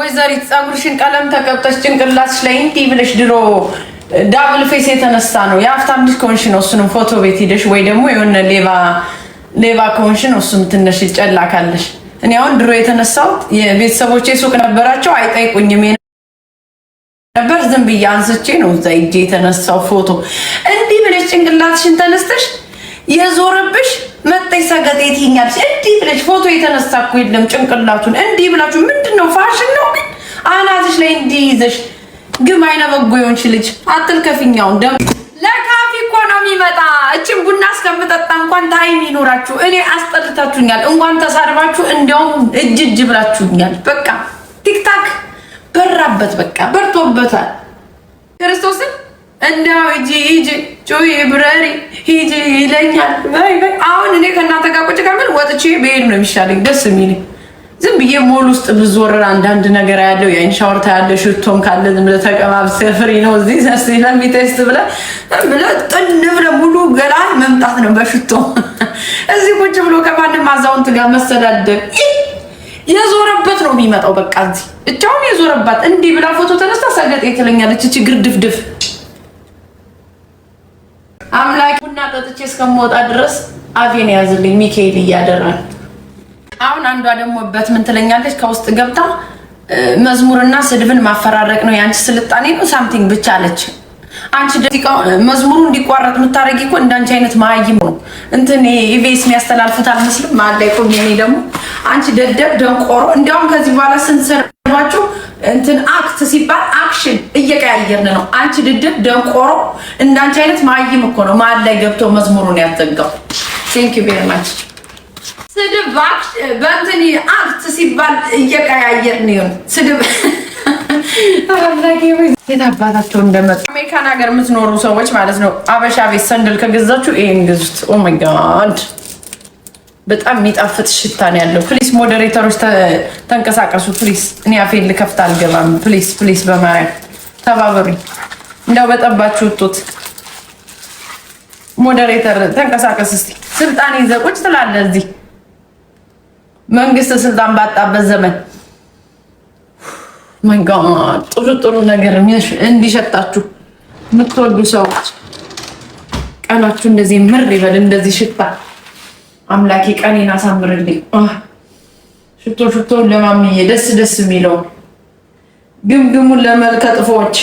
ወይዘሪት ፀጉርሽን ቀለም ተቀብተሽ ጭንቅላትሽ ላይ እንዲህ ብለሽ ድሮ ዳብል ፌስ የተነሳ ነው የሀብታም ልጅ ከሆንሽ ነው። እሱንም ፎቶ ቤት ሂደሽ ወይ ደግሞ የሆነ ሌባ ሌባ ከሆንሽ ነው። እሱም ትነሽ ይጨላካለሽ እኔ አሁን ድሮ የተነሳሁት የቤተሰቦቼ ሱቅ ነበራቸው። አይጠይቁኝም ነበር ዝም ብዬ አንስቼ ነው እዛ ሂጄ የተነሳው ፎቶ። እንዲህ ብለሽ ጭንቅላትሽን ተነስተሽ የዞረብሽ መጠይ ሰገጥ የትኛል እንዲህ ብለሽ ፎቶ የተነሳ እኮ የለም። ጭንቅላቱን እንዲህ ብላችሁ ምንድን ነው ፋሽን ነው ግን አናትሽ ላይ እንዲህ ይዘሽ ግን አይነ በጎ የሆንሽ ልጅ አትልከፊኛውን ደ ለካፊ እኮ ነው የሚመጣ። እችን ቡና እስከምጠጣ እንኳን ታይም ይኖራችሁ። እኔ አስጠልታችሁኛል። እንኳን ተሳድባችሁ እንዲያውም እጅ እጅ ብላችሁኛል። በቃ ቲክታክ በራበት፣ በቃ በርቶበታል ክርስቶስን እንዳው ሂጂ ሂጂ ጮይ ብረሪ ሂጂ ይለኛል። አሁን እኔ ከእናንተ ጋር ቁጭ ከምን ወጥቼ ብሄድ ነው የሚሻለኝ ደስ የሚል ዝም ብዬ ሞል ውስጥ ብዞር አንዳንድ ነገር ያለው የአይን ሻወር ታያለሽ። ሽቶም ካለ ዝም ብለህ ተቀባብሰህ ፍሪ ነው እዚህ ዘስ ለሚቴስት ብለህ ብለህ ጥን ብለህ ሙሉ ገላ መምጣት ነው በሽቶ። እዚህ ቁጭ ብሎ ከማንም አዛውንት ጋር መሰዳደብ የዞረበት ነው የሚመጣው። በቃ እዚህ እቻውን የዞረባት እንዲህ ብላ ፎቶ ተነስታ ሰገጤ ትለኛለች። እቺ ግርድፍድፍ አምላክ ቡና ጠጥቼ እስከምወጣ ድረስ አፌን ያዝልኝ ሚካኤል እያደራል። አሁን አንዷ ደግሞ በት ምን ትለኛለች ከውስጥ ገብታ መዝሙርና ስድብን ማፈራረቅ ነው የአንቺ ስልጣኔ ነው ሳምቲንግ ብቻ አለች። አንቺ መዝሙሩ እንዲቋረጥ የምታደርጊ እኮ እንዳንቺ አይነት መሀይም ነው። እንትን ኢቤስ የሚያስተላልፉት አልመስልም። መሀል ላይ ደግሞ አንቺ ደደብ ደንቆሮ፣ እንዲያውም ከዚህ በኋላ ስንሰራ ባችሁ እንትን አክት ሲባል አክሽን እየቀያየርን ነው። አንቺ ድድብ ደንቆሮ እንዳንቺ አይነት ማይም እኮ ነው መሀል ላይ ገብቶ መዝሙሩን ያተጋው። ቴንክ ዩ ቬሪ ማች። ስድብ በእንትን አክት ሲባል እየቀያየርን ነው ስድብ የት አባታቸው እንደመጡ አሜሪካን ሀገር የምትኖሩ ሰዎች ማለት ነው። አበሻ ቤት ሰንደል ከገዛችሁ ይሄን ግዙት። ኦ ማይ ጋድ በጣም የሚጣፍጥ ሽታ ነው ያለው። ፕሊስ ሞዴሬተሮች ተንቀሳቀሱ ፕሊስ። እኔ አፌን ልከፍት አልገባም። ፕሊስ ፕሊስ፣ በማርያም ተባበሩ። እንደው በጠባችሁ ውጡት። ሞዴሬተር ተንቀሳቀስ እስቲ። ስልጣን ይዘህ ቁጭ ትላለህ እዚህ መንግስት ስልጣን ባጣበት ዘመን መንጋ ጥሩ ጥሩ ነገር እንዲሸጣችሁ የምትወዱ ሰዎች ቀናችሁ እንደዚህ ምር ይበል እንደዚህ ሽታ አምላኬ ቀኔን አሳምርልኝ። ሽቶ ሽቶን ለማምዬ ደስ ደስ የሚለው ግምግሙን ለመልከ ጥፎች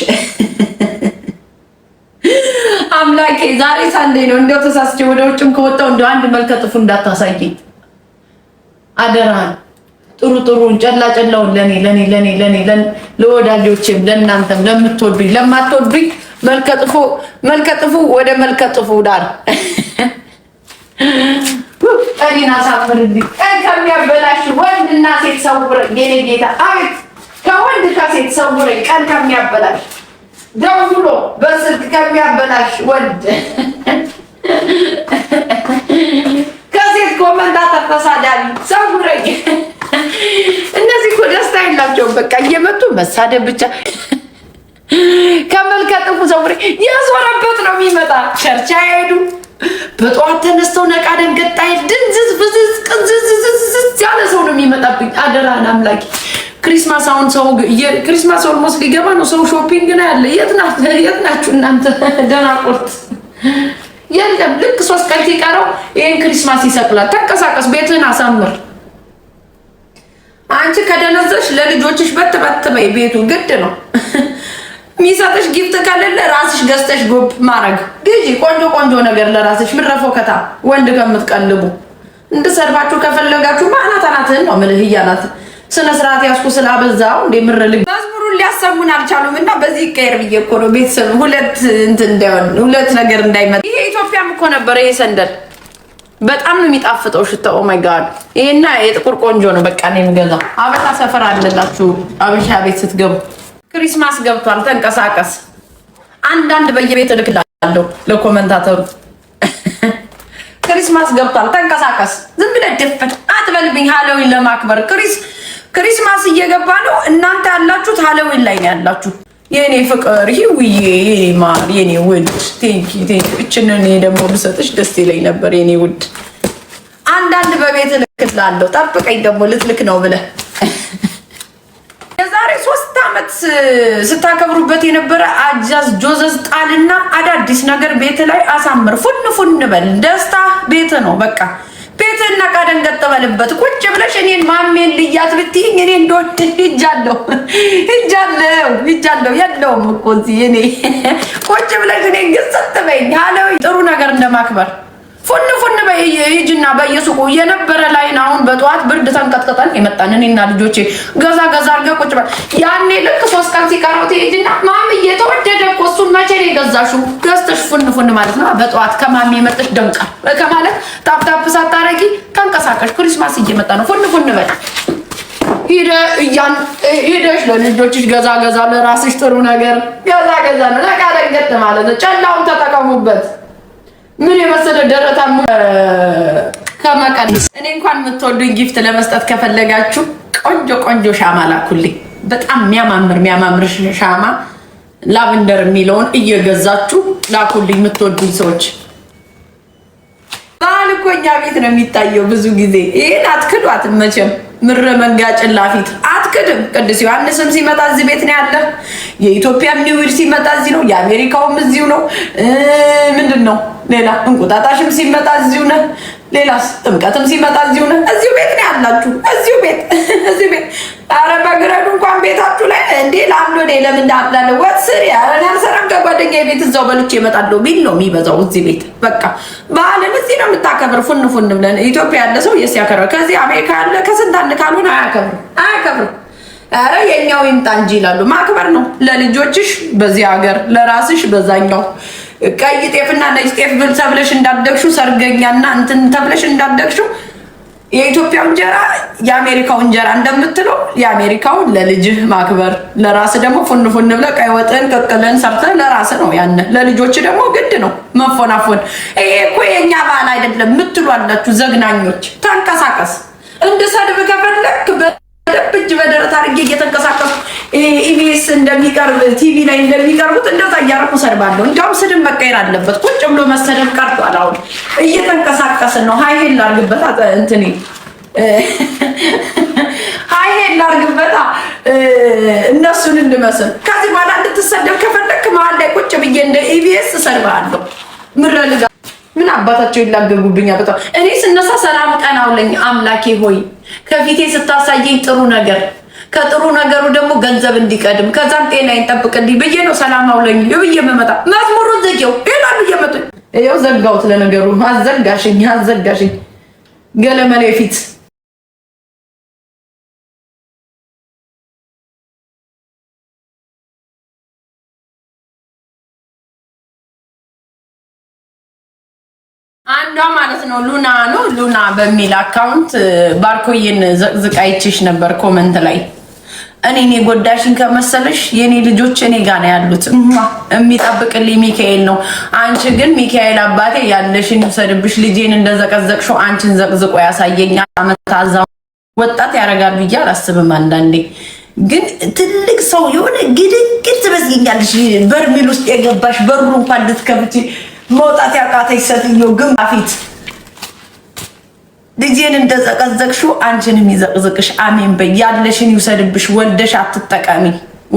አምላኬ ዛሬ ሳለኝ ነው። እንደው ተሳስቼ ወደ ውጭም ከወጣው እንደው አንድ መልከ ጥፉ እንዳታሳየኝ ጥሩ ጥሩን ጨላ ጨላውን ለኔ ለኔ ለኔ ለኔ ለወዳጆቼም ለእናንተም ለምትወዱኝ ለማትወዱኝ መልከ ጥፉ መልከ ጥፉ ወደ መልከ ጥፉ ዳር ቀኔን አሳምርልኝ። ቀን ከሚያበላሽ ወንድና ሴት ሰውረኝ። የኔ ጌታ አቤት፣ ከወንድ ከሴት ሰውረኝ። ቀን ከሚያበላሽ ደውሎ በስልክ ከሚያበላሽ ወንድ ከሴት ኮመንታተር ተሳዳቢ ሰውረኝ። እነዚህ እኮ ደስታ የላቸውም። በቃ እየመጡ መሳደብ ብቻ ከመልከ ሰውረኝ። ነው የሚመጣ ቸርቻ አይሄዱ በጠዋት ተነስተው ነቃ ደንገጣ ድንዝዝ ብዝዝ ቅዝዝዝዝዝ ያለ ሰው ነው የሚመጣብኝ። አደራን አምላኪ ክሪስማስ አሁን ሰው ክሪስማስ ኦልሞስ ሊገባ ነው። ሰው ሾፒንግ ነው ያለ። የት ናችሁ እናንተ ደናቁርት? የለም ልክ ሶስት ቀን ሲቀረው ይህን ክሪስማስ ይሰቅላል። ተንቀሳቀስ፣ ቤትህን አሳምር። አንቺ ከደነዘሽ ለልጆችሽ በት በት በይ። ቤቱ ግድ ነው። የሚሰጥሽ ጊፍት ከሌለ ራስሽ ገዝተሽ ጉብ ማድረግ ግዢ። ቆንጆ ቆንጆ ነገር ለራስሽ ምረፎ ከታ ወንድ ከምትቀልቡ እንድሰርባችሁ ከፈለጋችሁ ማናት አናትህን ነው ምልህ እያላት ስነ ስርዓት ያስኩ ስላበዛው እንደ ምርል መዝሙሩን ሊያሰሙን አልቻሉም። እና በዚህ ይቀየር ብዬ እኮ ነው ቤተሰብ ሁለት እንትን እንዳይሆን ሁለት ነገር እንዳይመጣ። ይሄ ኢትዮጵያም እኮ ነበረ። ይሄ ሰንደል በጣም ነው የሚጣፍጠው ሽታው። ኦ ማይ ጋድ! ይሄና የጥቁር ቆንጆ ነው። በቃ ነው የምገዛው። አበሻ ሰፈር አለላችሁ አበሻ ቤት ስትገቡ ክሪስማስ ገብቷል፣ ተንቀሳቀስ። አንዳንድ በየቤት እልክላለሁ ለኮመንታተሩ። ክሪስማስ ገብቷል፣ ተንቀሳቀስ። ዝም ብለህ ድፍን አትበልብኝ። ሀለዊን ለማክበር ክሪስማስ እየገባ ነው። እናንተ ያላችሁት ሀለዊን ላይ ነው ያላችሁ። የእኔ ፍቅር ይውዬ፣ የኔ ማር፣ የኔ ውድ ቴንኪ ቴንኪ። እችንን ደግሞ ብሰጥሽ ደስ ይለኝ ነበር የኔ ውድ። አንዳንድ በቤት እልክላለሁ፣ ጠብቀኝ ደግሞ ልትልክ ነው ብለህ የዛሬ ሶስት አመት ስታከብሩበት የነበረ አጃዝ ጆዘዝ ጣልና አዳዲስ ነገር ቤት ላይ አሳምር። ፉን ፉን በል ደስታ ቤት ነው በቃ ቤትና ቃደን ገጠመልበት ቁጭ ብለሽ እኔን ማሜን ልያት ብትይኝ እኔ እንደወድ ሂጃለሁ ሂጃለሁ ሂጃለሁ የለውም እኮ እዚህ እኔ ቁጭ ብለሽ እኔ ግን ስትበይኝ አለው ጥሩ ነገር እንደማክበር ፉን ፉን ሂጅና በየሱቁ የነበረ ላይን አሁን በጠዋት ብርድ ተንቀጥቅጠን የመጣን እኔና ልጆቼ ገዛ ገዛ አድርገህ ቁጭ በል። ያኔ ልክ ሶስት ቀን ሲቀረው ትሄጂና ማሚ እየተወደደ እኮ እሱን መቼ ነው የገዛሽው? ገዝተሽ ፉን ፉን ማለት ነው። በጠዋት ከማሚ የመጥሽ ደምቃ ከማለት ታፕታፕ ሳታረጊ ተንቀሳቀሽ። ክሪስማስ እየመጣ ነው። ፉን ፉን በል ሂደሽ ለልጆችሽ ገዛ ገዛ፣ ለራስሽ ጥሩ ነገር ገዛ ገዛ ነው። ነቃ ደንገጥ ማለት ነው። ጨላውን ተጠቀሙበት። ምን የመሰለ ደረታም ከመቀነስ እኔ እንኳን የምትወዱኝ ጊፍት ለመስጠት ከፈለጋችሁ ቆንጆ ቆንጆ ሻማ ላኩልኝ። በጣም የሚያማምር የሚያማምር ሻማ ላቨንደር የሚለውን እየገዛችሁ ላኩልኝ የምትወዱኝ ሰዎች። በዓል እኮ እኛ ቤት ነው የሚታየው ብዙ ጊዜ። ይህን አትክዱ አትመቸም ምረ መንጋጭን ላፊት አትክድም። ቅዱስ ዮሐንስም ሲመጣ እዚህ ቤት ነው ያለ። የኢትዮጵያ ኒውይር ሲመጣ እዚህ ነው። የአሜሪካውም እዚሁ ነው። ምንድን ነው ሌላ እንቁጣጣሽም ሲመጣ እዚሁ ነህ። ሌላስ ጥምቀትም ሲመጣ እዚሁ ነህ። እዚሁ ቤት ነው ያላችሁ። እዚሁ ቤት እዚሁ ቤት። አረ በግረዱ እንኳን ቤታችሁ ላይ እንዴ ለአንድ ወደ ለምን ዳብላለ ወጥ ስሪ። አረ ከጓደኛ ቤት እዛው በልቼ እመጣለሁ ቢል ነው የሚበዛው። እዚህ ቤት በቃ በዓልን እዚህ ነው የምታከብር። ፉን ፉን ብለን ኢትዮጵያ ያለ ሰው የስ ያከብረ ከዚህ አሜሪካ ያለ ከስንት አንድ ካልሆነ አያከብር አያከብርም። አረ የኛው ይምጣ እንጂ ይላሉ። ማክበር ነው ለልጆችሽ በዚህ ሀገር፣ ለራስሽ በዛኛው ቀይ ጤፍና ነጭ ጤፍ ተብለሽ እንዳደግሹ ሰርገኛና እንትን ተብለሽ እንዳደግሹ የኢትዮጵያ እንጀራ የአሜሪካው እንጀራ እንደምትለው የአሜሪካው ለልጅህ ማክበር ለራስ ደግሞ ፉን ፉን ብለህ ቀይ ወጥን ቅቅልን ሰርተህ ለራስ ነው ያነ ለልጆች ደግሞ ግድ ነው መፎናፎን። ይሄ እኮ የእኛ ባህል አይደለም ምትሉ አላችሁ ዘግናኞች። ተንቀሳቀስ እንድሰድብ ከፈለክ ደብጅ እጅ በደረት አድርጌ እየተንቀሳቀስኩ ኢቢኤስ እንደሚቀርብ ቲቪ ላይ እንደሚቀርቡት እንደዛ እያደረኩ ሰድባለሁ። እንዲያውም ስድብ መቀየር አለበት። ቁጭ ብሎ መሰደብ ቀርቷል። አሁን እየተንቀሳቀስን ነው። ሀይሄን ላርግበታ እንትን ሀይሄን ላርግበታ እነሱን እንመስል። ከዚህ በኋላ እንድትሰደብ ከፈለክ መሀል ላይ ቁጭ ብዬ እንደ ኢቢኤስ ሰድባለሁ። ምረልጋ ምን አባታቸው ይላገጉብኛል። በጣም እኔ ስነሳ ሰላም ቀናውለኝ አምላኬ ሆይ ከፊቴ ስታሳየኝ ጥሩ ነገር ከጥሩ ነገሩ ደግሞ ገንዘብ እንዲቀድም ከዛም ጤና ይጠብቅልኝ ብዬ ነው። ሰላም አውለኝ ብዬ መመጣ መዝሙሩን ዘጌው ሌላ ብዬ መጡ ይኸው ዘጋሁት። ለነገሩ አዘጋሽኝ አዘጋሽኝ ገለመሌ ፊት አንዷ ማለት ነው ሉና ነው ሉና በሚል አካውንት ባርኮዬን ዘቅዝቃይችሽ ነበር ኮመንት ላይ እኔን የጎዳሽን ከመሰለሽ የኔ ልጆች እኔ ጋር ነው ያሉት፣ የሚጠብቅልኝ ሚካኤል ነው። አንቺ ግን ሚካኤል አባቴ ያለሽን ውሰድብሽ ልጄን እንደዘቀዘቅሽው አንቺን ዘቅዝቆ ያሳየኛ አመታዛ ወጣት ያደርጋል ብዬ አላስብም። አንዳንዴ ግን ትልቅ ሰው የሆነ ግድግድ ትመስገኛለሽ በርሚል ውስጥ የገባሽ በሩ እንኳን ልትከፍቺ መውጣት ያቃተች ሴትዮ ግን ፊት ልጄን እንደዘቀዘቅሽው አንቺንም ይዘቅዝቅሽ። አሜን በይ። ያለሽን ይውሰድብሽ። ወልደሽ አትጠቀሚ፣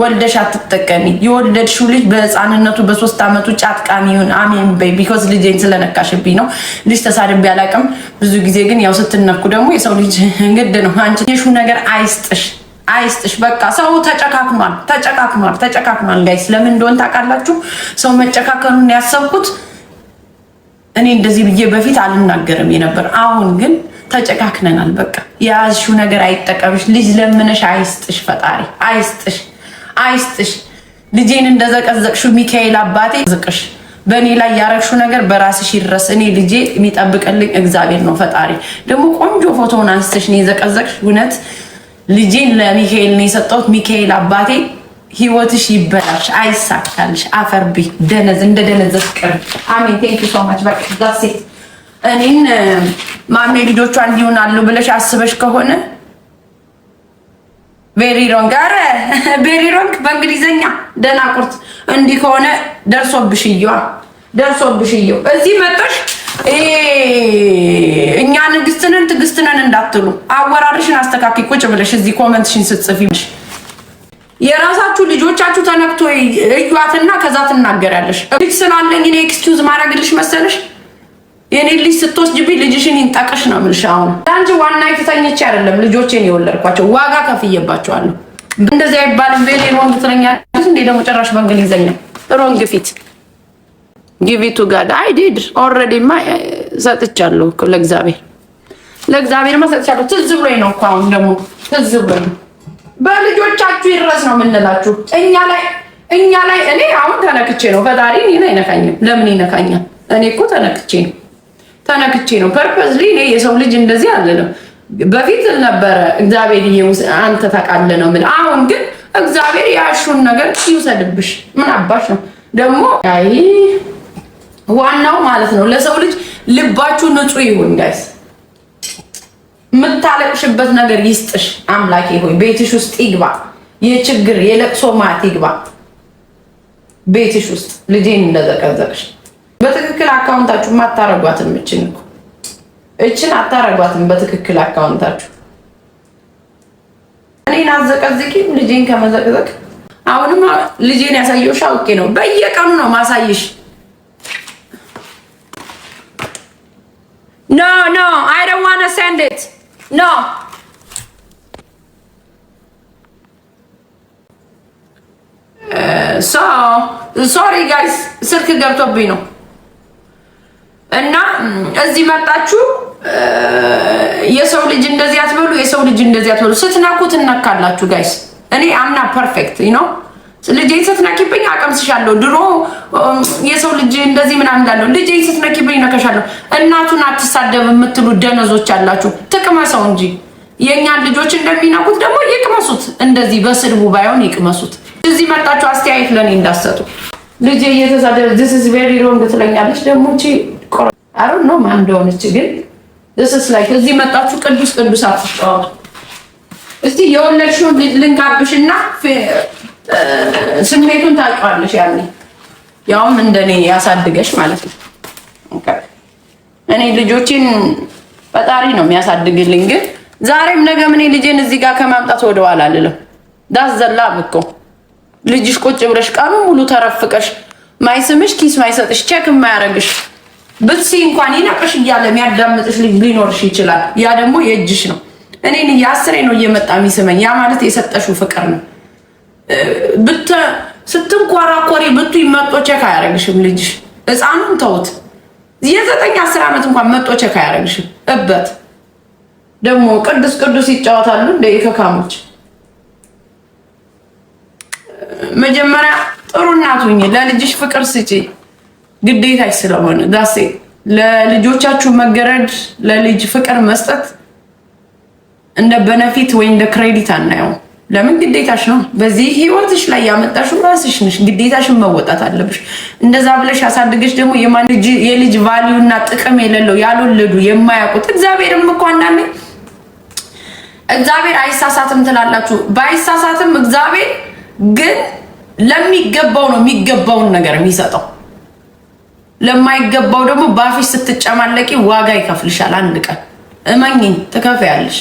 ወልደሽ አትጠቀሚ። የወለድሽው ልጅ በህፃንነቱ በሶስት ዓመቱ ጫት ቃሚ ይሁን። አሜን በይ። ቢኮዝ ልጄን ስለነካሽብኝ ነው። ልጅ ተሳድቤ አላውቅም። ብዙ ጊዜ ግን ያው ስትነኩ ደግሞ የሰው ልጅ ግድ ነው። አንቺ የሹ ነገር አይስጥሽ አይስጥሽ በቃ ሰው ተጨካክኗል፣ ተጨካክኗል፣ ተጨካክኗል። ጋይስ ለምን እንደሆን ታውቃላችሁ? ሰው መጨካከሉን ያሰብኩት እኔ እንደዚህ ብዬ በፊት አልናገርም የነበር አሁን ግን ተጨካክነናል። በቃ የያዝሽው ነገር አይጠቀምሽ፣ ልጅ ለምነሽ አይስጥሽ፣ ፈጣሪ አይስጥሽ፣ አይስጥሽ። ልጄን እንደዘቀዘቅሽው ሚካኤል አባቴ ዝቅሽ። በእኔ ላይ ያረግሽው ነገር በራስሽ ይድረስ። እኔ ልጄ የሚጠብቅልኝ እግዚአብሔር ነው ፈጣሪ። ደግሞ ቆንጆ ፎቶውን አንስተሽ ነው የዘቀዘቅሽ። እውነት ልጄን ለሚካኤል ነው የሰጠሁት። ሚካኤል አባቴ ህይወትሽ ይበላሽ፣ አይሳካልሽ። አፈርቢ ደነዝ እንደ ደነዘዝ ቅር አሜን። ቴንክ ዩ ሶ ማች በቃ ዛ ሴት እኔን ማሜ ልጆቿ እንዲሆናሉ ብለሽ አስበሽ ከሆነ ቬሪ ሮንግ፣ አረ ቬሪ ሮንግ በእንግሊዘኛ ደናቁርት። እንዲህ ከሆነ ደርሶብሽ እየዋ ደርሶብሽ እየው እዚህ መጥተሽ እኛ ንግስትንን ትግስትንን እንዳትሉ አወራርሽን አስተካኪ ቁጭ ብለሽ እዚህ ኮመንትሽን ስትጽፊ የራሳችሁ ልጆቻችሁ ተነክቶ እዩዋትና ከዛ ትናገራለሽ። ልጅ ስላለኝ እኔ ኤክስኪውዝ ማድረግልሽ መሰለሽ? የኔ ልጅ ስትወስጅብኝ ልጅሽን ይንጠቅሽ ነው የምልሽ። አሁን ለአንቺ ዋና የተሰኘች አይደለም ልጆቼን የወለድኳቸው ዋጋ ከፍዬባቸዋለሁ። እንደዚህ አይባልም። ቤሌ ሮንግ ትለኛለሽ እንዴ ደግሞ ጭራሽ በእንግሊዝኛ ሮንግ ፊት ጊቪቱ ጋድ አይ ዲድ ኦልሬዲ ማ ሰጥቻለሁ። ለእግዚአብሔር ለእግዚአብሔር ማ ሰጥቻለሁ። ትዝ ብሎኝ ነው እኮ አሁን ደግሞ ትዝ ብሎኝ በልጆቻችሁ ይረስ ነው የምንላችሁ። እኛ ላይ እኛ ላይ እኔ አሁን ተነክቼ ነው ፈጣሪ እኔን አይነካኝም። ለምን ይነካኛል? እኔ እኮ ተነክቼ ነው ተነክቼ ነው ፐርፐዝሊ። እኔ የሰው ልጅ እንደዚህ አልልም። በፊት ነበረ እግዚአብሔር አንተ ታውቃለህ ነው የምልህ። አሁን ግን እግዚአብሔር ያሹን ነገር ይውሰድብሽ። ምን አባሽ ነው ደግሞ። አይ ዋናው ማለት ነው ለሰው ልጅ ልባችሁ ንጹህ ይሁን ጋይስ የምታለቅሽበት ነገር ይስጥሽ አምላኬ ሆይ። ቤትሽ ውስጥ ይግባ የችግር የለቅሶ ማት ይግባ ቤትሽ ውስጥ ልጄን እንደዘቀዘቅሽ። በትክክል አካውንታችሁም አታረጓትም። እችን እኮ እችን አታረጓትም። በትክክል አካውንታችሁ እኔን አዘቀዝቂም ልጄን ከመዘቅዘቅ አሁንም ልጄን ያሳየውሽ አውቄ ነው። በየቀኑ ነው ማሳይሽ። ኖ ኖ አይ ዶንት ሴንድ ኢት ኖ ሶሪ ጋይስ ስልክ ገብቶብኝ ነው። እና እዚህ መጣችሁ eh, የሰው ልጅ እንደዚህ አትበሉ፣ የሰው ልጅ እንደዚህ አትበሉ። ስትናኩ ትነካላችሁ ጋይስ። እኔ አምና ፐርፌክት ነው። ልጄን ስትነኪብኝ አቀምስሻለሁ። ድሮ የሰው ልጅ እንደዚህ ምናምን እንዳለው ልጄን ስትነኪብኝ ነከሻለሁ። እናቱን አትሳደብ የምትሉ ደነዞች አላችሁ። ትቅመሰው እንጂ የእኛን ልጆች እንደሚነኩት ደግሞ ይቅመሱት። እንደዚህ በስድቡ ባይሆን ይቅመሱት። እዚህ መጣችሁ አስተያየት ለእኔ እንዳሰጡ ልጄ እየተሳደብ ዲስ ኢዝ ቬሪ ሮንግ ትለኛለች። ደግሞ እቺ አሮ ነው ማን እንደሆነች ግን ዲስ ኢዝ ላይክ እዚህ መጣችሁ ቅዱስ ቅዱስ አትጫወቱ። እስቲ የወለድሽውን ልንጋብሽና ስሜቱን ታውቂዋለሽ። ያኔ ያውም እንደኔ ያሳድገሽ ማለት ነው። እኔ ልጆቼን ፈጣሪ ነው የሚያሳድግልኝ። ግን ዛሬም ነገ ምን ልጄን እዚህ ጋር ከማምጣት ወደኋላ አልልም። ዳስ ዘላብ እኮ ልጅሽ ቁጭ ብለሽ ቀኑ ሙሉ ተረፍቀሽ ማይስምሽ ኪስ ማይሰጥሽ ቼክ ማያረግሽ ብትሲ እንኳን ይነቅሽ እያለ የሚያዳምጥሽ ሊኖርሽ ይችላል። ያ ደግሞ የእጅሽ ነው። እኔን አስሬ ነው እየመጣ የሚስመኝ። ያ ማለት የሰጠሽው ፍቅር ነው። ስትንኮራኮሪ ብቱ መጦ ቼክ አያደርግሽም ልጅሽ። ህፃኑን ተውት፣ የዘጠኝ አስር ዓመት እንኳን መጦ ቼክ አያደርግሽም። እበት ደግሞ ቅዱስ ቅዱስ ይጫወታሉ እንደ ኢከካሞች። መጀመሪያ ጥሩ እናት ሁኚ፣ ለልጅሽ ፍቅር ስጪ፣ ግዴታሽ ስለሆነ ዳሴ ለልጆቻችሁ መገረድ ለልጅ ፍቅር መስጠት እንደ በነፊት ወይ እንደ ክሬዲት አናየው። ለምን ግዴታሽ ነው። በዚህ ህይወትሽ ላይ ያመጣሽው ራስሽ ነሽ። ግዴታሽን መወጣት አለብሽ። እንደዛ ብለሽ ያሳድገሽ ደግሞ የልጅ ቫልዩ እና ጥቅም የሌለው ያልወለዱ የማያውቁት እግዚአብሔርም እኮ አንዳንዴ እግዚአብሔር አይሳሳትም ትላላችሁ። በአይሳሳትም እግዚአብሔር ግን ለሚገባው ነው የሚገባውን ነገር የሚሰጠው። ለማይገባው ደግሞ በአፍሽ ስትጨማለቂ ዋጋ ይከፍልሻል። አንድ ቀን እመኝኝ ትከፍያለሽ።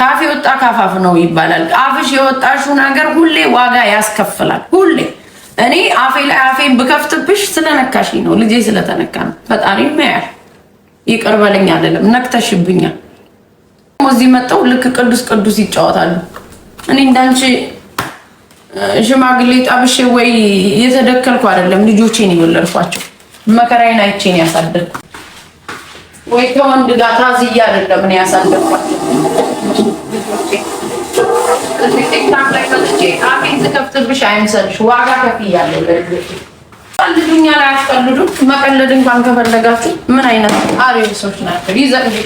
ካፍ የወጣ ካፋፍ ነው ይባላል። አፍሽ የወጣሽው ነገር ሁሌ ዋጋ ያስከፍላል። ሁሌ እኔ አፌ ላይ አፌን ብከፍትብሽ ስለነካሽ ነው፣ ልጄ ስለተነካ ነው። ፈጣሪ ያያል። ይቅር በለኝ አይደለም፣ ነክተሽብኛል። እዚህ መጠው ልክ ቅዱስ ቅዱስ ይጫወታሉ። እኔ እንዳንቺ ሽማግሌ ጣብሼ ወይ የተደከልኩ አይደለም፣ ልጆቼን የወለድኳቸው መከራዬን አይቼን ያሳደግኩ ወይ ከወንድ ጋር ታዝዬ አይደለም እኔ ያሳለፍኳቸው። ዋጋ ከፍያለሁ። ላይ አስቀልዱ። መቀለድ እንኳን ከፈለጋችሁ ምን አይነት አሪፍ ናቸው?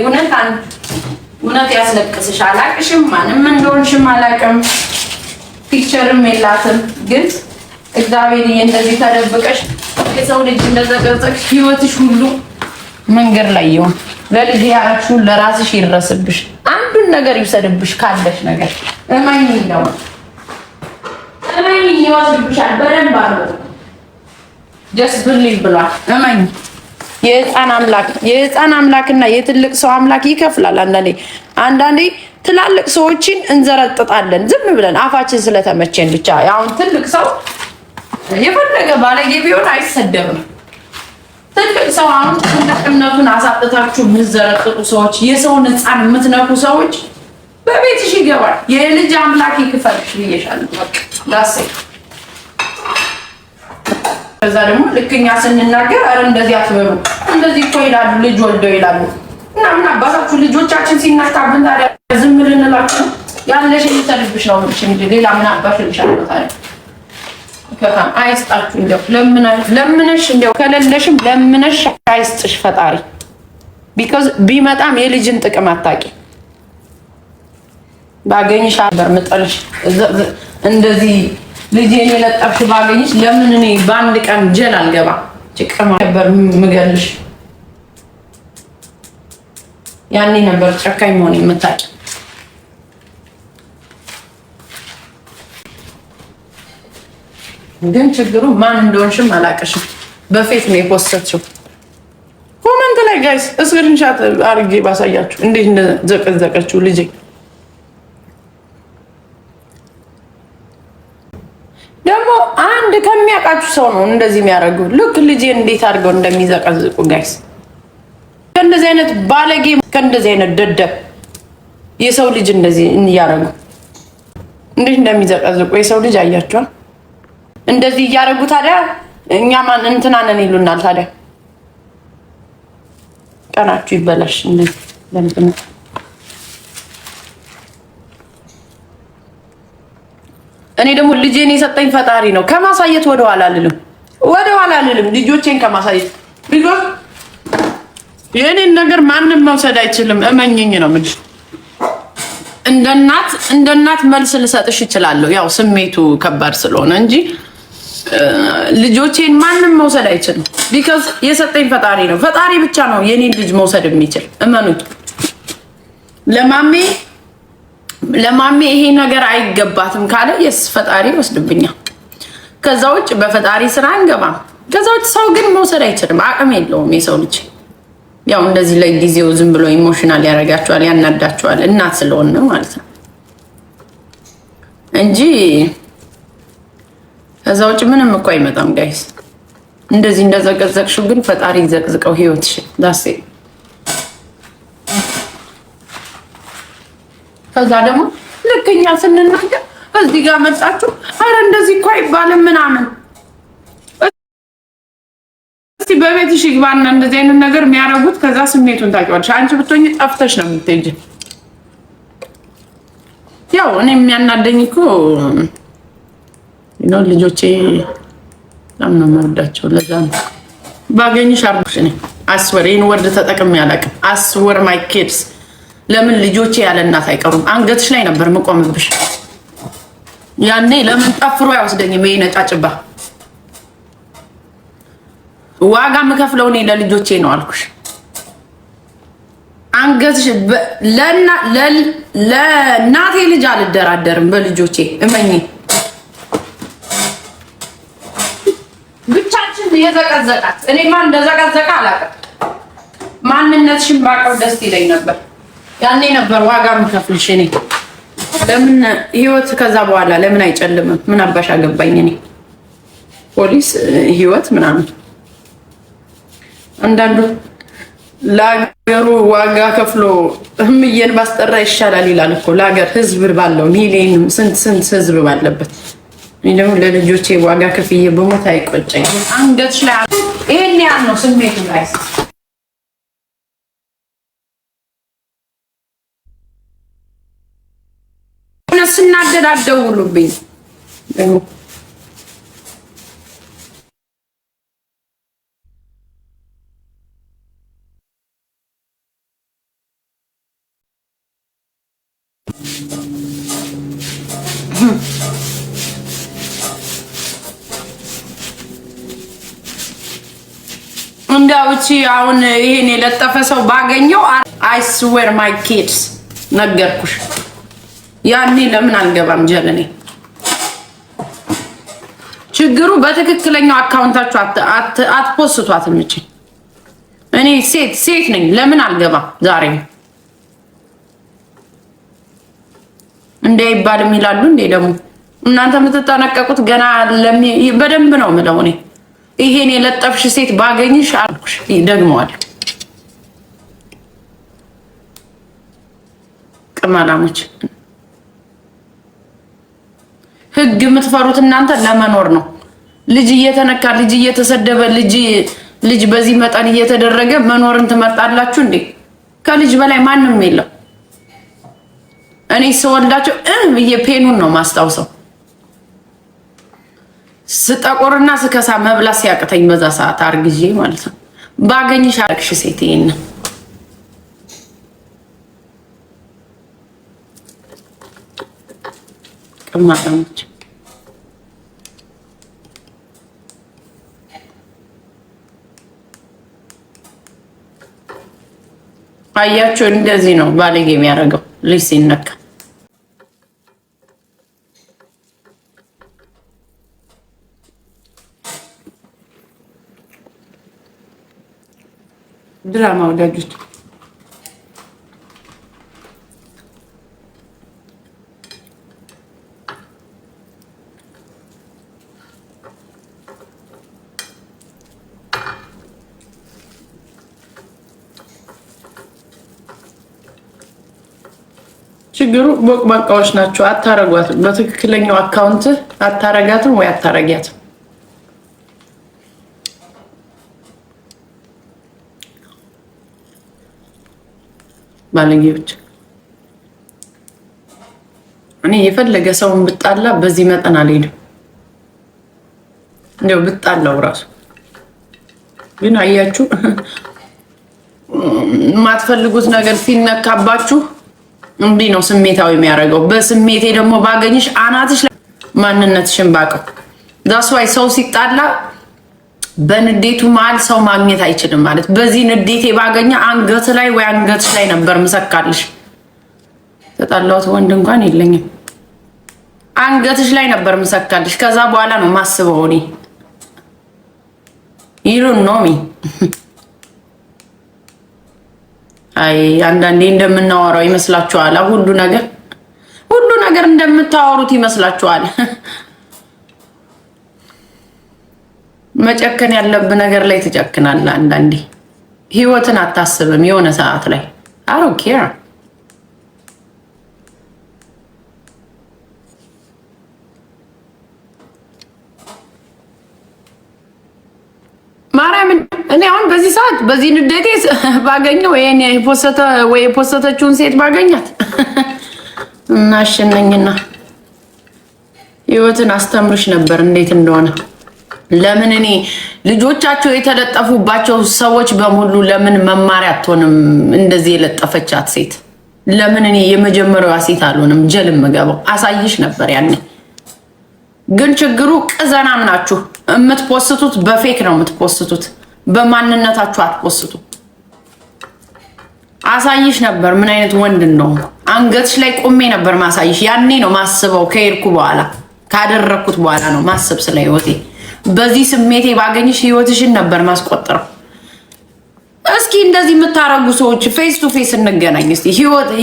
እውነት እውነት ያስለቅስሽ። አላቅሽም፣ ማንም እንደሆንሽም አላቅም። ፒክቸርም የላትም ግን እግዚአብሔር እንደዚህ ተደብቀሽ የሰው ልጅ እንደዘቀዘቅሽ ህይወትሽ ሁሉ መንገድ ላይ ይሁን። ለልጅ ያረግሽውን ለራስሽ ይድረስብሽ። አንዱን ነገር ይውሰድብሽ ካለሽ ነገር እመኝ ነው እመኝ ይወስድብሻል። በደንብ አሉ ጀስ ብሊቭ ብሏል። እመኝ የህፃን አምላክ የህፃን አምላክና የትልቅ ሰው አምላክ ይከፍላል። አንዳንዴ አንዳንዴ ትላልቅ ሰዎችን እንዘረጥጣለን ዝም ብለን አፋችን ስለተመቸን ብቻ። አሁን ትልቅ ሰው የፈለገ ባለጌ ቢሆን አይሰደብም። ትልቅ ሰው አሁን ትልቅነቱን አሳጥታችሁ የምትዘረጥጡ ሰዎች፣ የሰውን ሕፃን የምትነኩ ሰዎች በቤትሽ ይገባል። የልጅ አምላክ ይክፈልሽ ብዬሻለሁ። ዳሴ ከዛ ደግሞ ልክኛ ስንናገር አረ እንደዚህ አትበሉ እንደዚህ እኮ ይላሉ፣ ልጅ ወልደው ይላሉ። እና ምን አባታችሁ ልጆቻችን ሲነካብን ታዲያ ዝም ልንላችሁ? ያለሽ የሚተልብሽ ነው። ሌላ ምን አባሽ ልሻለ ታዲያ በጣም አይስጣችሁ። እንደው ለምነሽ እንደው ከሌለሽም ለምነሽ አይስጥሽ ፈጣሪ። ቢኮዝ ቢመጣም የልጅን ጥቅም አታቂ ባገኝሽ አበር ምጠልሽ እንደዚህ ልጄን የለጠፍሽ ባገኝሽ ለምን እኔ በአንድ ቀን ጀል አልገባ ጭቅም ነበር ምገልሽ። ያኔ ነበር ጨካኝ መሆን የምታቂ ግን ችግሩ ማን እንደሆንሽም አላቅሽም። በፌት ነው የፖስተችው። ኮመንት ላይ ጋይስ እስክሪንሻት አርጌ ባሳያችሁ እንዴት እንደዘቀዘቀችው ልጄ። ደግሞ አንድ ከሚያውቃችሁ ሰው ነው እንደዚህ የሚያደርገው። ልክ ልጄ እንዴት አድርገው እንደሚዘቀዝቁ ጋይስ። ከእንደዚህ አይነት ባለጌ፣ ከእንደዚህ አይነት ደደብ የሰው ልጅ እንደዚህ እያደረጉ እንዴት እንደሚዘቀዝቁ የሰው ልጅ አያቸዋል። እንደዚህ እያደረጉ ታዲያ እኛ ማን እንትናነን ይሉናል። ታዲያ ቀናችሁ ይበላሽ። ለምንድን እኔ ደግሞ ልጄን የሰጠኝ ፈጣሪ ነው። ከማሳየት ወደኋላ ልልም አልልም፣ ወደ ኋላ አልልም። ልጆቼን ከማሳየት ልጆች የእኔን ነገር ማንም መውሰድ አይችልም። እመኝኝ ነው ምድ እንደ እናት እንደ እናት መልስ ልሰጥሽ እችላለሁ። ያው ስሜቱ ከባድ ስለሆነ እንጂ ልጆቼን ማንም መውሰድ አይችልም። ቢካዝ የሰጠኝ ፈጣሪ ነው። ፈጣሪ ብቻ ነው የኔን ልጅ መውሰድ የሚችል። እመኑ ለማሜ ለማሜ ይሄ ነገር አይገባትም ካለ የስ ፈጣሪ ይወስድብኛል። ከዛ ውጭ በፈጣሪ ስራ አንገባም። ከዛ ውጭ ሰው ግን መውሰድ አይችልም። አቅም የለውም የሰው ልጅ። ያው እንደዚህ ለጊዜው ዝም ብሎ ኢሞሽናል ያደርጋቸዋል፣ ያናዳቸዋል። እናት ስለሆነ ማለት ነው እንጂ ከዛ ውጭ ምንም እኮ አይመጣም ጋይስ። እንደዚህ እንደዘቀዘቅሽው ግን ፈጣሪ ይዘቅዝቀው ህይወትሽ። ዳሴ ከዛ ደግሞ ልክ እኛ ስንናገር እዚህ ጋር መጣችሁ፣ አረ እንደዚህ እኮ አይባልም ምናምን። በቤት በቤትሽ ይግባና እንደዚህ አይነት ነገር የሚያደርጉት ከዛ ስሜቱን ታውቂዋለሽ። አንቺ ብትሆኝ ጠፍተሽ ነው የምትሄጂ። ያው እኔ የሚያናደኝ እኮ ነው ልጆቼ በጣም ነው የምወዳቸው። ለዛ ነው ባገኝሽ አርጉሽ። አስወር ይህን ወርድ ተጠቅም ያለቅ አስወር ማይ ኬድስ ለምን ልጆቼ ያለ እናት አይቀሩም? አንገትሽ ላይ ነበር መቆምብሽ። ያኔ ለምን ጠፍሮ አይወስደኝም? ይሄ ነጫጭባ ዋጋ የምከፍለው እኔ ለልጆቼ ነው አልኩሽ። አንገትሽ ለእናቴ ልጅ አልደራደርም፣ በልጆቼ እመኝ? የዘቀዘቃት። እኔማ እንደዘቀዘቀ አላውቅም። ማንነትሽን ባውቀው ደስ ይለኝ ነበር። ያኔ ነበር ዋጋ የምከፍልሽ እኔ። ለምን ህይወት ከዛ በኋላ ለምን አይጨልምም? ምን አባሽ አገባኝ እኔ ፖሊስ ህይወት ምናምን። አንዳንዱ ለሀገሩ ዋጋ ከፍሎ እምዬን ባስጠራ ይሻላል ይላል እኮ ለሀገር ህዝብ ባለው ሚሊዮን ስንት ስንት ህዝብ ባለበት። እኔ ደግሞ ለልጆቼ ዋጋ ከፍዬ በሞት አይቆጨኝ። አንገትሽ ላይ ይሄን ያህል ነው ስሜቱ ላይ ስናደድ አትደውሉብኝ። እንዳውቺ አሁን ይሄን የለጠፈ ሰው ባገኘው አይ ስዌር ማይ ኪድስ ነገርኩሽ። ያኔ ለምን አልገባም ጀለኔ። ችግሩ በትክክለኛው አካውንታችሁ አትፖስቷት። ምጭ እኔ ሴት ሴት ነኝ። ለምን አልገባም ዛሬ እንደ ይባልም ይላሉ እንዴ ደግሞ እናንተ የምትጠነቀቁት ገና በደንብ ነው ምለው እኔ ይሄን የለጠፍሽ ሴት ባገኝሽ አልኩሽ። ደግመዋል። ቅማላሞች ህግ የምትፈሩት እናንተ ለመኖር ነው። ልጅ እየተነካ ልጅ እየተሰደበ ልጅ ልጅ በዚህ መጠን እየተደረገ መኖርን ትመርጣላችሁ እንዴ? ከልጅ በላይ ማንም የለም። እኔ ስወልዳቸው ብዬ ፔኑን ነው ማስታውሰው ስጠቁርና ስከሳ መብላት ሲያቅተኝ በዛ ሰዓት አርግዤ ማለት ነው። ባገኝሽ አርግሽ ሴት ይሄንን ቅማቀሞች አያችሁ፣ እንደዚህ ነው ባለጌ የሚያደርገው ልጅ ሲነካ ድራማ ወዳጆች ችግሩ ቦቅ ቦቅባቃዎች ናቸው። አታረጓትም። በትክክለኛው አካውንት አታረጋትም ወይ አታረጊያትም። ባለጌዎች። እኔ የፈለገ ሰውን ብጣላ በዚህ መጠን አልሄድም። እንዲያው ብጣላው ራሱ ግን አያችሁ የማትፈልጉት ነገር ሲነካባችሁ እንዲህ ነው ስሜታዊ የሚያደርገው። በስሜቴ ደግሞ ባገኝሽ አናትሽ ማንነትሽን ባቀው ዛስዋይ ሰው ሲጣላ በንዴቱ መሀል ሰው ማግኘት አይችልም ማለት። በዚህ ንዴቴ ባገኘ አንገት ላይ ወይ አንገት ላይ ነበር ምሰካልሽ። ተጣላሁት ወንድ እንኳን የለኝም። አንገትሽ ላይ ነበር ምሰካልሽ። ከዛ በኋላ ነው ማስበው እኔ ይሉን ኖሚ አይ አንዳንዴ እንደምናወራው ይመስላችኋል ሁሉ ነገር ሁሉ ነገር እንደምታወሩት ይመስላችኋል። መጨከን ያለብህ ነገር ላይ ትጨክናለህ። አንዳንዴ ህይወትን አታስብም። የሆነ ሰዓት ላይ አሮኬ ማርያምን እኔ አሁን በዚህ ሰዓት በዚህ ንዴቴ ባገኘው የፖሰተ ወይ የፖሰተችውን ሴት ባገኛት እናሸነኝና ህይወትን አስተምርሽ ነበር እንዴት እንደሆነ ለምን እኔ ልጆቻቸው የተለጠፉባቸው ሰዎች በሙሉ ለምን መማሪያ አትሆንም? እንደዚህ የለጠፈቻት ሴት ለምን እኔ የመጀመሪያዋ ሴት አልሆንም? ጀልም ገባው አሳይሽ ነበር ያኔ። ግን ችግሩ ቅዘናም ናችሁ። የምትፖስቱት በፌክ ነው የምትፖስቱት፣ በማንነታችሁ አትፖስቱ። አሳይሽ ነበር ምን አይነት ወንድ እንደሆነ አንገትሽ ላይ ቆሜ ነበር ማሳይሽ። ያኔ ነው ማስበው ከሄድኩ በኋላ ካደረግኩት በኋላ ነው ማሰብ ስለ ህይወቴ በዚህ ስሜቴ ባገኝሽ ህይወትሽን ነበር ማስቆጠረው። እስኪ እንደዚህ የምታረጉ ሰዎች ፌስ ቱ ፌስ እንገናኝ። እስኪ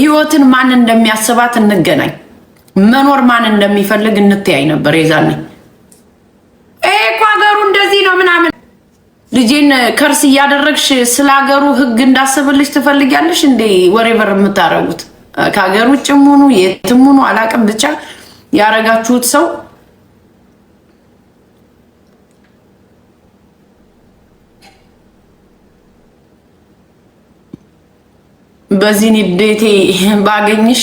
ህይወትን ማን እንደሚያስባት እንገናኝ። መኖር ማን እንደሚፈልግ እንትያይ ነበር የዛኔ። ይሄ እኮ ሀገሩ እንደዚህ ነው ምናምን። ልጄን ከርስ እያደረግሽ ስለ ሀገሩ ህግ እንዳስብልሽ ትፈልጊያለሽ እንዴ? ወሬቨር የምታረጉት ከሀገር ውጭ ሙኑ የትም ሙኑ አላቅም፣ ብቻ ያረጋችሁት ሰው በዚህ ንዴቴ ባገኝሽ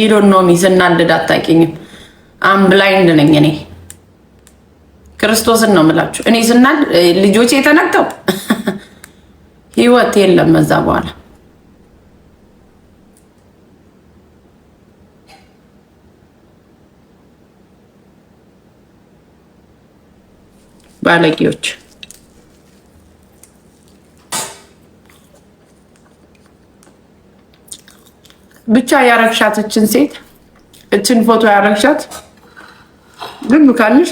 ይዶን ነው ሚስ እናንደድ አታውቂኝም። አም ብላይንድ ነኝ እኔ ክርስቶስን ነው የምላችሁ። እኔ ስናድ ልጆቼ የተነቀው ህይወት የለም መዛ በኋላ ባለጌዎች ብቻ ያረግሻት እችን ሴት እችን ፎቶ ያረግሻት ግን ካልሽ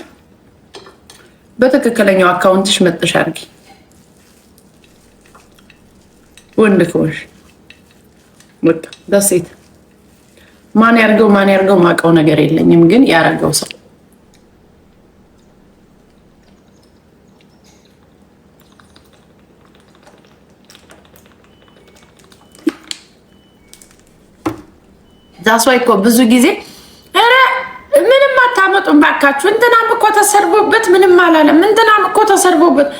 በትክክለኛው አካውንትሽ መጥተሽ አድርጊ። ወንድ ከሆንሽ ደሴት ማን ያርገው ማን ያርገው ማውቀው ነገር የለኝም፣ ግን ያረገው ሰው ዳስዋ እኮ ብዙ ጊዜ ኧረ ምንም አታመጡም ባካችሁ፣ እንትናም እኮ ተሰርቦበት ምንም አላለም፣ እንትናም እኮ ተሰርቦበት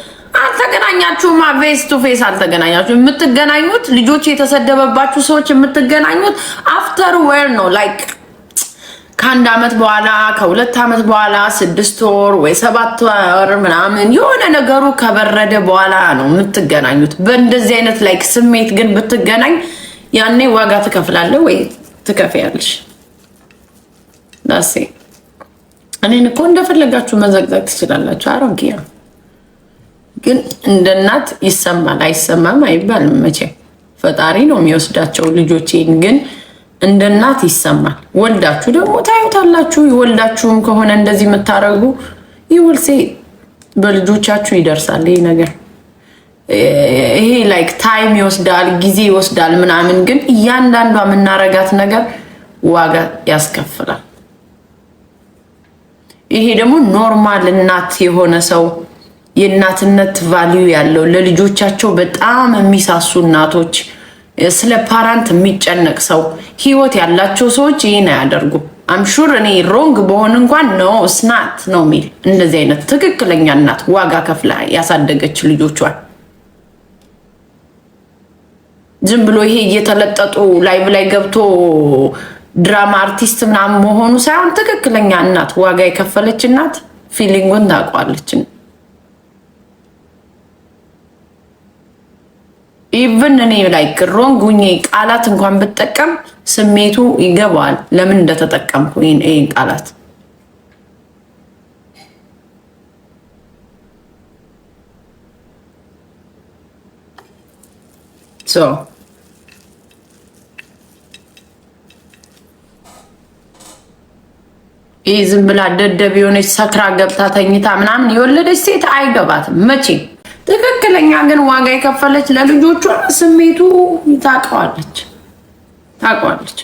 አልተገናኛችሁማ። ፌስ ቱ ፌስ አልተገናኛችሁ። የምትገናኙት ልጆች የተሰደበባችሁ ሰዎች የምትገናኙት አፍተር ዌር ነው ላይክ ከአንድ ዓመት በኋላ ከሁለት ዓመት በኋላ ስድስት ወር ወይ ሰባት ወር ምናምን የሆነ ነገሩ ከበረደ በኋላ ነው የምትገናኙት። በእንደዚህ አይነት ላይክ ስሜት ግን ብትገናኝ ያኔ ዋጋ ትከፍላለህ ወይ ትከፍያለሽ። ዳሴ እኔን እኮ እንደፈለጋችሁ መዘግዘግ ትችላላችሁ። አሮጊያ ግን እንደ እናት ይሰማል አይሰማም አይባልም። መቼ ፈጣሪ ነው የሚወስዳቸው ልጆቼን ግን እንደ እናት ይሰማል። ወልዳችሁ ደግሞ ታዩታላችሁ። ወልዳችሁም ከሆነ እንደዚህ የምታደርጉ ይውልሴ በልጆቻችሁ ይደርሳል ይህ ነገር። ይሄ ላይክ ታይም ይወስዳል፣ ጊዜ ይወስዳል ምናምን፣ ግን እያንዳንዷ የምናረጋት ነገር ዋጋ ያስከፍላል። ይሄ ደግሞ ኖርማል እናት የሆነ ሰው የእናትነት ቫሊዩ ያለው ለልጆቻቸው በጣም የሚሳሱ እናቶች፣ ስለ ፓራንት የሚጨነቅ ሰው ህይወት ያላቸው ሰዎች ይህን አያደርጉም። አምሹር እኔ ሮንግ በሆን እንኳን ነው ስናት ነው የሚል እንደዚህ አይነት ትክክለኛ እናት ዋጋ ከፍላ ያሳደገች ልጆቿን ዝም ብሎ ይሄ እየተለጠጡ ላይቭ ላይ ገብቶ ድራማ አርቲስት ምናምን መሆኑ ሳይሆን ትክክለኛ እናት፣ ዋጋ የከፈለች እናት ፊሊንጉን ታውቋለች። ኢቭን እኔ ላይ ቅሮን ጉኜ ቃላት እንኳን ብጠቀም ስሜቱ ይገባዋል፣ ለምን እንደተጠቀምኩ ይህን ቃላት ሶ ይህ ዝም ብላ ደደብ የሆነች ሰክራ ገብታ ተኝታ ምናምን የወለደች ሴት አይገባትም መቼ። ትክክለኛ ግን ዋጋ የከፈለች ለልጆቿ ስሜቱ ታውቀዋለች ታውቀዋለች።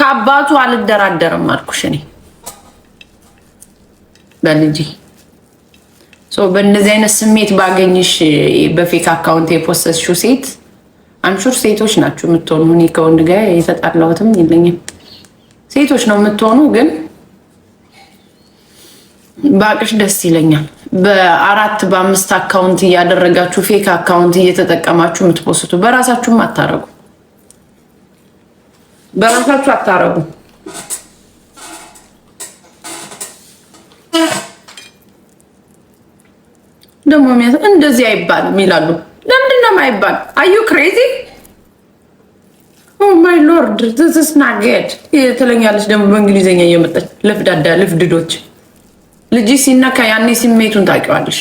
ከአባቱ አልደራደርም አልኩሽ እኔ በልጅ በእንደዚህ አይነት ስሜት ባገኝሽ በፌክ አካውንት የፖሰስሽው ሴት አምሹር ሴቶች ናቸው የምትሆኑ። እኔ ከወንድ ጋር የተጣላሁትም የለኝም ሴቶች ነው የምትሆኑ ግን በአቅሽ ደስ ይለኛል። በአራት በአምስት አካውንት እያደረጋችሁ ፌክ አካውንት እየተጠቀማችሁ የምትፖስቱ በራሳችሁም አታረጉ፣ በራሳችሁ አታረጉ። ደግሞ እንደዚህ አይባልም ይላሉ። ለምንድን አይባል? አዩ ክሬዚ ማይ ሎርድ ትስናገድ ትለኛለች ደግሞ በእንግሊዝኛ እየመጣች ለፍዳዳ ልፍድዶች ልጅ ሲነካ ያኔ ስሜቱን ታውቂዋለሽ።